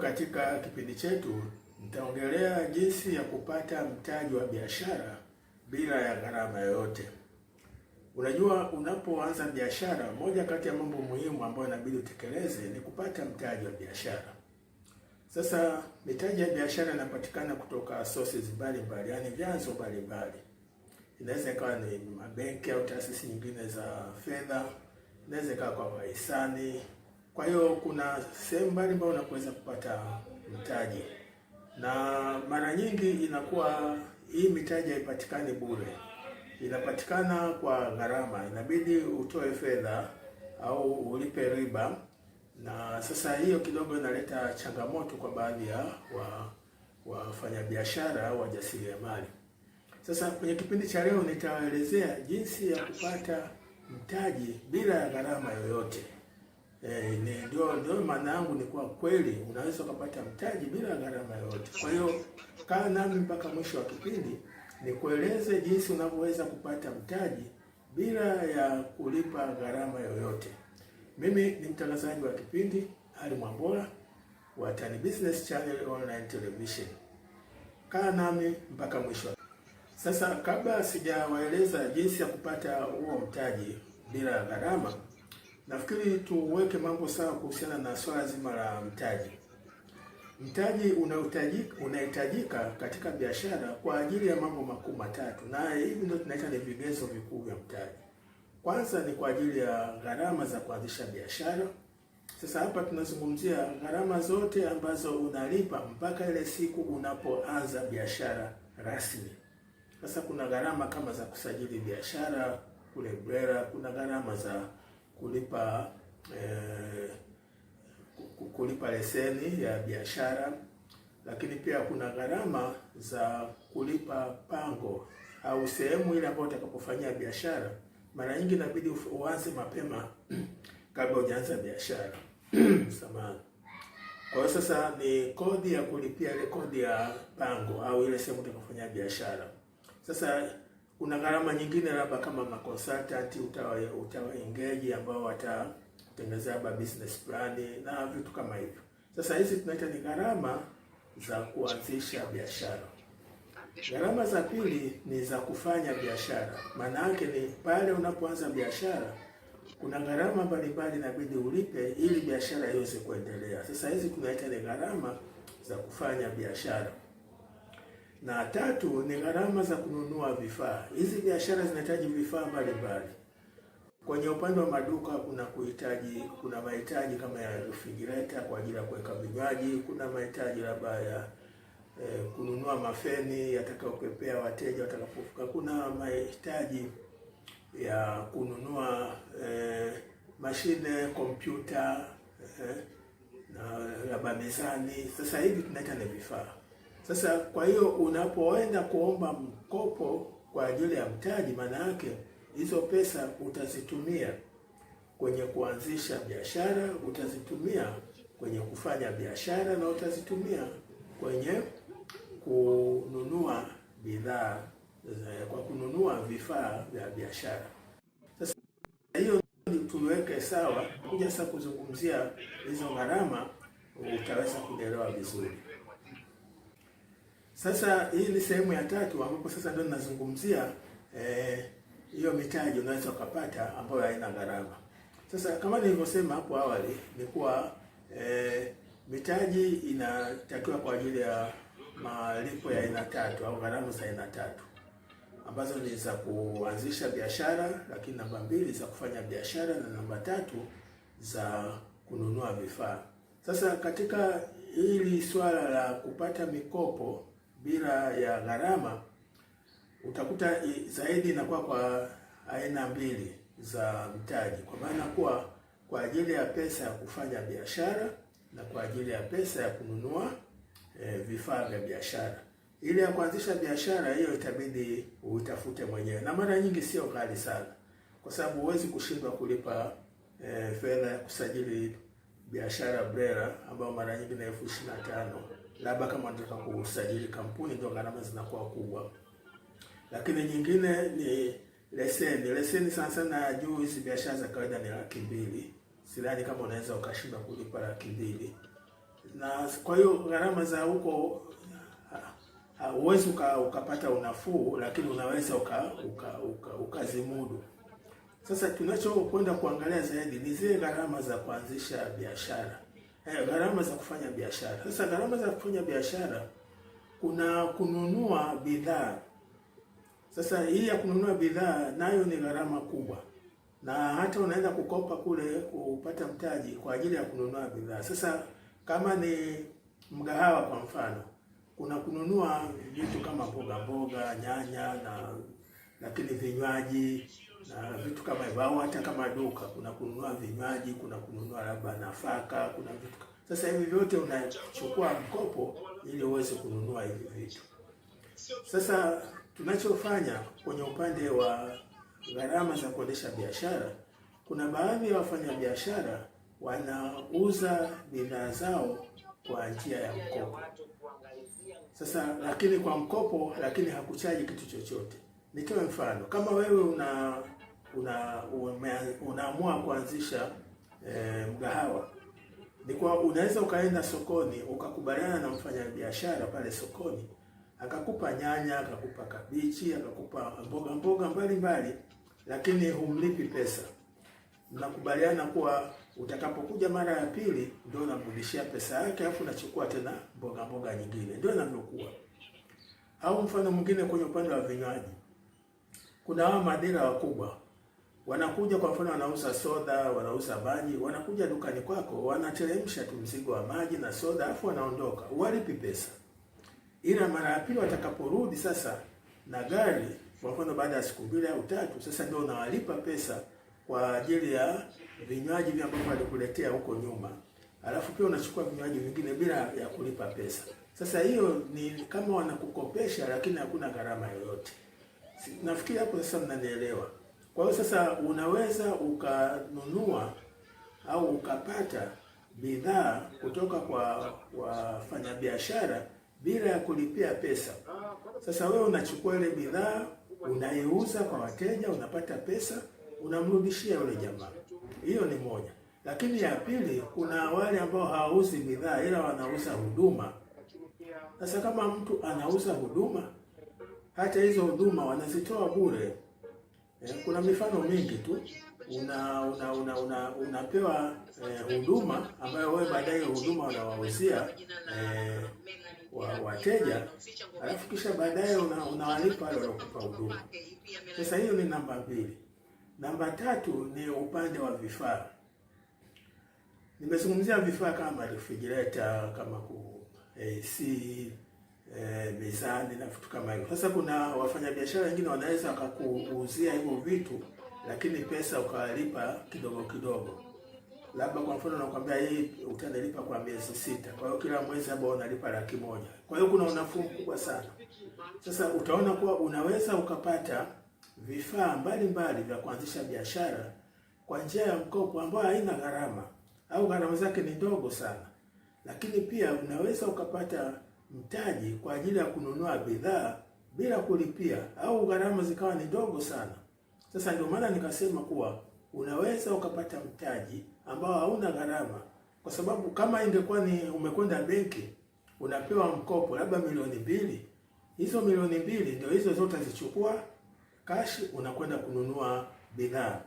katika kipindi chetu nitaongelea jinsi ya kupata mtaji wa biashara bila ya gharama yoyote. Unajua, unapoanza biashara, moja kati ya mambo muhimu ambayo inabidi utekeleze ni kupata mtaji wa biashara. Sasa mitaji ya biashara inapatikana kutoka sources mbalimbali, yaani vyanzo mbalimbali. Inaweza ikawa ni mabenki au taasisi nyingine za fedha, inaweza ikawa kwa wahisani kwa hiyo kuna sehemu mbalimbali unaweza kupata mtaji, na mara nyingi inakuwa hii mitaji haipatikani bure, inapatikana kwa gharama, inabidi utoe fedha au ulipe riba, na sasa hiyo kidogo inaleta changamoto kwa baadhi ya wafanyabiashara au wajasiriamali. Sasa kwenye kipindi cha leo nitawaelezea jinsi ya kupata mtaji bila ya gharama yoyote. Eh, ndio ndio maana yangu ni kwa kweli unaweza ukapata mtaji bila gharama yoyote. Kwa hiyo kaa nami mpaka mwisho wa kipindi nikueleze jinsi unavyoweza kupata mtaji bila ya kulipa gharama yoyote. Mimi ni mtangazaji wa kipindi Ali Mwambola wa Tan Business Channel Online Television. Kaa nami mpaka mwisho. Sasa kabla sijawaeleza jinsi ya kupata huo mtaji bila gharama Nafikiri tuweke mambo sawa kuhusiana na swala zima la mtaji. Mtaji unahitajika katika biashara kwa ajili ya mambo makuu matatu, na hivi ndio tunaita ni vigezo vikuu vya mtaji. Kwanza ni kwa ajili ya gharama za kuanzisha biashara. Sasa hapa tunazungumzia gharama zote ambazo unalipa mpaka ile siku unapoanza biashara rasmi. Sasa kuna gharama kama za kusajili biashara kule BRELA, kuna gharama za kulipa eh, kulipa leseni ya biashara, lakini pia kuna gharama za kulipa pango au sehemu ile ambayo utakapofanyia biashara. Mara nyingi inabidi uanze mapema kabla hujaanza biashara samahani. Kwa hiyo sasa ni kodi ya kulipia ile kodi ya pango au ile sehemu utakapofanyia biashara sasa kuna gharama nyingine labda kama utawa utawaingeji ambao watatengeneza labda business plan na vitu kama hivyo. Sasa hizi tunaita ni gharama za kuanzisha biashara. Gharama za pili ni za kufanya biashara. Maana yake ni pale unapoanza biashara kuna gharama mbalimbali inabidi ulipe ili biashara iweze kuendelea. Sasa hizi tunaita ni gharama za kufanya biashara na tatu ni gharama za kununua vifaa. Hizi biashara zinahitaji vifaa mbalimbali. Kwenye upande wa maduka kuna kuhitaji, kuna mahitaji kama ya refrigerator kwa ajili ya kuweka vinywaji, kuna mahitaji labda ya eh, kununua mafeni yatakayopepea wateja watakapofika, kuna mahitaji ya kununua eh, mashine kompyuta eh, na labda mezani. Sasa hivi tunaita ni vifaa sasa kwa hiyo unapoenda kuomba mkopo kwa ajili ya mtaji, maana yake hizo pesa utazitumia kwenye kuanzisha biashara, utazitumia kwenye kufanya biashara na utazitumia kwenye kununua bidhaa kwa kununua vifaa vya biashara. Sasa hiyo tuweke sawa, kuja sasa kuzungumzia hizo gharama, utaweza kuelewa vizuri. Sasa hii ni sehemu ya tatu ambapo sasa ndio ninazungumzia eh, hiyo mitaji unaweza ukapata ambayo haina gharama. Sasa kama nilivyosema hapo awali ni kuwa e, mitaji inatakiwa kwa ajili ya malipo ya aina tatu au gharama za aina tatu ambazo ni za kuanzisha biashara, lakini namba mbili za kufanya biashara na namba tatu za kununua vifaa. Sasa katika hili swala la kupata mikopo bila ya gharama, utakuta zaidi inakuwa kwa aina mbili za mtaji, kwa maana kuwa kwa ajili ya pesa ya kufanya biashara na kwa ajili ya pesa ya kununua e, vifaa vya biashara. Ile ya kuanzisha biashara hiyo itabidi uitafute mwenyewe, na mara nyingi sio ghali sana, kwa sababu huwezi kushindwa kulipa e, fedha ya kusajili biashara BRELA ambayo mara nyingi na elfu ishirini na tano labda kama nataka kusajili kampuni, ndio gharama zinakuwa kubwa. Lakini nyingine ni leseni. Leseni sana sana juu hizi biashara za kawaida ni laki mbili, sidhani kama unaweza ukashinda kulipa laki mbili, na kwa hiyo gharama za huko huwezi uka, ukapata unafuu, lakini unaweza ukazimudu uka, uka, uka. Sasa tunachokwenda kuangalia zaidi ni zile gharama za kuanzisha biashara eh, gharama za kufanya biashara. Sasa gharama za kufanya biashara kuna kununua bidhaa. Sasa hii ya kununua bidhaa nayo ni gharama kubwa, na hata unaweza kukopa kule kupata mtaji kwa ajili ya kununua bidhaa. Sasa kama ni mgahawa kwa mfano, kuna kununua vitu kama mboga mboga, nyanya na lakini vinywaji na vitu kama hivyo, au hata kama duka, kuna kununua vinywaji, kuna kununua labda nafaka, kuna vitu sasa hivi vyote unachukua mkopo ili uweze kununua hivi vitu. Sasa tunachofanya kwenye upande wa gharama za kuendesha biashara, kuna baadhi ya wafanyabiashara wanauza bidhaa zao kwa njia ya mkopo. Sasa lakini kwa mkopo, lakini hakuchaji kitu chochote. Nitoe mfano kama wewe una una unaamua kuanzisha e, mgahawa ni kwa unaweza ukaenda sokoni ukakubaliana na mfanyabiashara pale sokoni, akakupa nyanya, akakupa kabichi, akakupa mboga mboga mbalimbali, lakini humlipi pesa. Mnakubaliana kuwa utakapokuja mara ya pili ndio unamrudishia pesa yake, afu unachukua tena mboga mboga nyingine, ndio inavyokuwa. Au mfano mwingine kwenye upande wa vinywaji kuna hao madira wakubwa wanakuja, kwa mfano, wanauza soda, wanauza maji, wanakuja dukani kwako, wanateremsha tu mzigo wa maji na soda, afu wanaondoka, walipi pesa. Ila mara ya pili watakaporudi sasa na gari, kwa mfano, baada ya siku mbili au tatu, sasa ndio unawalipa pesa kwa ajili ya vinywaji vya ambavyo walikuletea huko nyuma, alafu pia unachukua vinywaji vingine bila ya kulipa pesa. Sasa hiyo ni kama wanakukopesha, lakini hakuna gharama yoyote. Nafikiri hapo sasa mnanielewa. Kwa hiyo sasa unaweza ukanunua au ukapata bidhaa kutoka kwa wafanyabiashara bila ya kulipia pesa. Sasa wewe unachukua ile bidhaa unaiuza kwa wateja, unapata pesa, unamrudishia yule jamaa. Hiyo ni moja, lakini ya pili, kuna wale ambao hawauzi bidhaa ila wanauza huduma. Sasa kama mtu anauza huduma hata hizo huduma wanazitoa bure. Eh, kuna mifano mingi tu una una una, una unapewa eh, huduma ambayo wewe baadaye huduma unawauzia eh, wa, wateja alafu kisha baadaye unawalipa una wale wanakupa huduma. Sasa hiyo ni namba mbili. Namba tatu ni upande wa vifaa. Nimezungumzia vifaa kama refrigerator, kama ku AC, eh, e, mezani na vitu kama hivyo. Sasa kuna wafanyabiashara wengine wanaweza wakakuuzia hivyo vitu, lakini pesa ukawalipa kidogo kidogo, labda kwa mfano nakwambia hii utanilipa kwa miezi sita, kwa hiyo kila mwezi hapo unalipa laki moja. Kwa hiyo kuna unafuu mkubwa sana. Sasa utaona kuwa unaweza ukapata vifaa mbalimbali vya kuanzisha biashara kwa njia ya mkopo ambayo haina gharama au gharama zake ni ndogo sana, lakini pia unaweza ukapata mtaji kwa ajili ya kununua bidhaa bila kulipia au gharama zikawa ni ndogo sana. Sasa ndio maana nikasema kuwa unaweza ukapata mtaji ambao hauna gharama, kwa sababu kama ingekuwa ni umekwenda benki unapewa mkopo labda milioni mbili, hizo milioni mbili ndio hizo zote zichukua kashi, unakwenda kununua bidhaa.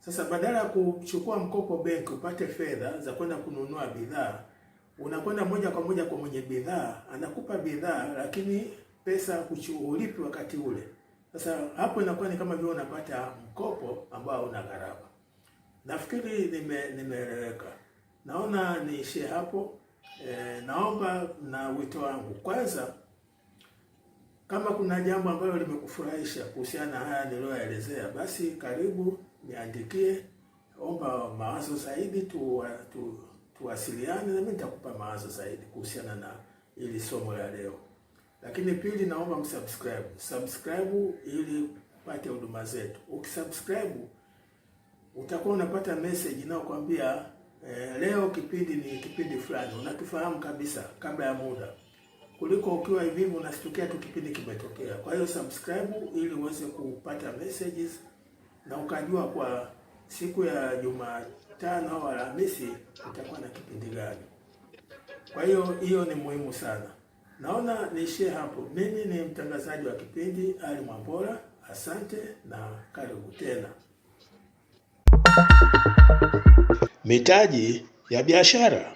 Sasa badala ya kuchukua mkopo benki upate fedha za kwenda kununua bidhaa unakwenda moja kwa moja kwa mwenye bidhaa, anakupa bidhaa, lakini pesa ulipi wakati ule. Sasa hapo inakuwa ni kama vile unapata mkopo ambao una gharama. Nafikiri nimeeleweka, naona niishie hapo. E, naomba na wito wangu kwanza, kama kuna jambo ambalo limekufurahisha kuhusiana na haya niliyoelezea, basi karibu niandikie, omba mawazo zaidi tu, tu tuwasiliane, mimi nitakupa mawazo zaidi kuhusiana na ili somo la leo. Lakini pili, naomba msubscribe, subscribe ili upate huduma zetu. Ukisubscribe utakuwa unapata message inayokuambia eh, leo kipindi ni kipindi fulani, unakifahamu kabisa kabla ya muda, kuliko ukiwa hivi unastukia tu kipindi kimetokea. Kwa hiyo subscribe ili uweze kupata messages na ukajua kwa siku ya Jumatano au Alhamisi itakuwa na kipindi gani. Kwa hiyo hiyo ni muhimu sana. Naona niishie hapo. Mimi ni mtangazaji wa kipindi Ali Mwambola, asante na karibu tena. Mitaji ya biashara.